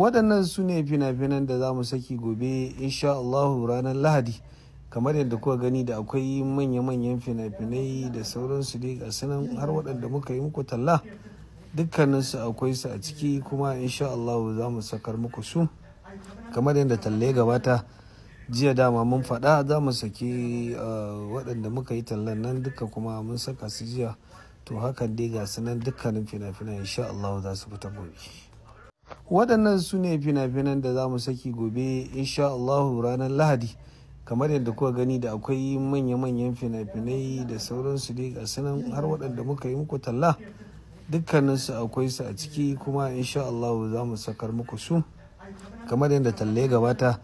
waɗannan su ne fina-finan da za mu saki gobe insha Allahu ranar lahadi kamar yadda kuka gani da akwai manya-manyan fina-finai da sauransu dai ga sanan har waɗanda muka yi muku talla dukkaninsu akwai su a ciki kuma insha Allahu za mu sakar muku su kamar yadda talla gabata jiya dama mun faɗa za mu saki ah, waɗanda muka yi tallan nan duka kuma mun saka su jiya to hakan dai ga sanan dukkanin fina-finan insha Allahu za su fita gobe. waɗannan su ne fina-finan da za mu saki gobe insha Allahu ranar lahadi kamar yadda kuka gani da akwai manya-manyan fina-finai da sauransu dai ga sanan har waɗanda muka yi muku talla dukkaninsu akwai su a ciki kuma insha Allahu za mu sakar muku su kamar yadda talle gabata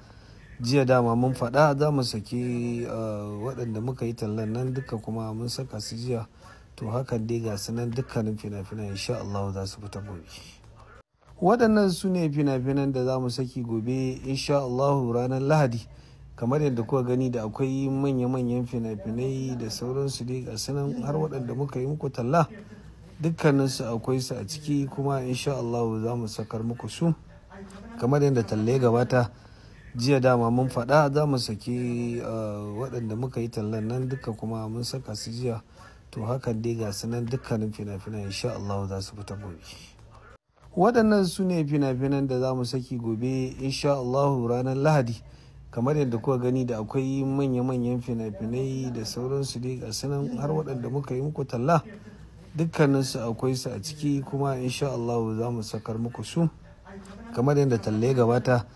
jiya dama mun faɗa za mu saki eh, waɗanda muka yi tallan nan duka kuma mun saka su jiya to hakan dai ga sanan dukkanin fina-finan insha Allahu za su fita gobe waɗannan su ne fina-finan da za mu saki gobe insha Allahu ranar lahadi kamar yadda kuka gani da akwai manya-manyan fina-finai da sauransu dai ga sanan har waɗanda muka yi muku talla dukkaninsu akwai su a ciki kuma insha Allahu za mu sakar muku su kamar yadda talla gabata jiya dama mun faɗa za mu saki ah, waɗanda muka yi tallan nan duka kuma mun saka su jiya to hakan dai ga sanan dukkanin fina-finan insha Allahu za su fita gobe. waɗannan su ne fina-finan da za mu saki gobe insha Allahu ranar lahadi kamar yadda kuka gani da akwai manya-manyan fina-finai da sauransu dai ga sanan har waɗanda muka yi muku talla dukkaninsu akwai su a ciki kuma insha Allahu za mu sakar muku su kamar yadda talle gabata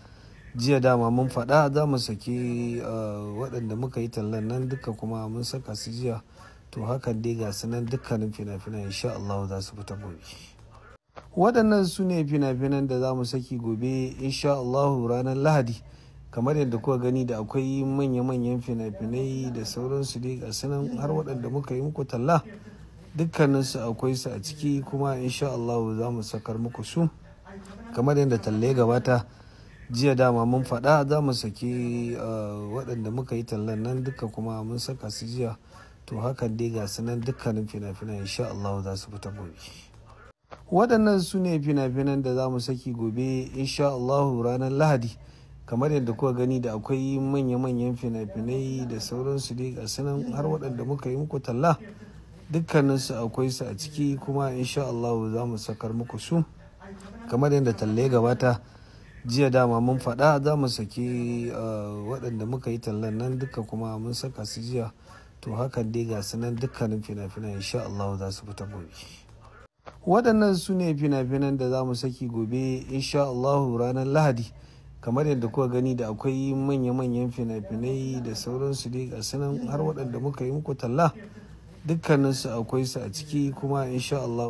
jiya dama mun faɗa za mu saki eh, waɗanda muka yi tallan nan duka kuma mun saka su jiya to hakan dai ga sanan dukkanin fina-finan insha Allahu za su fita gobe waɗannan su ne fina-finan da za mu saki gobe insha Allahu ranar lahadi kamar yadda kuka gani da akwai manya-manyan fina-finai da sauransu dai ga sanan har waɗanda muka yi muku talla dukkaninsu akwai su a ciki kuma insha Allahu za mu sakar muku su kamar yadda talla gabata jiya dama mun faɗa za mu saki ah, waɗanda muka yi tallan nan duka kuma mun saka su jiya to hakan dai ga sanan dukkanin fina-finan insha Allahu za su fita gobe. waɗannan su ne fina-finan da za mu saki gobe insha Allahu ranar lahadi kamar yadda kuka gani da akwai manya-manyan fina-finai da sauransu dai ga sanan har waɗanda muka yi muku talla dukkaninsu akwai su a ciki kuma insha Allahu za mu sakar muku su kamar yadda talle gabata jiya dama mun faɗa za mu saki eh, waɗanda muka yi tallan nan duka kuma mun saka su jiya to hakan dai ga sanan dukkanin fina-finan insha Allahu za su fita gobe waɗannan su ne fina-finan da za mu saki gobe insha Allahu ranar lahadi kamar yadda kuka gani da akwai manya-manyan fina-finai da sauransu dai ga sanan har waɗanda muka yi muku talla dukkaninsu akwai su a ciki kuma insha Allah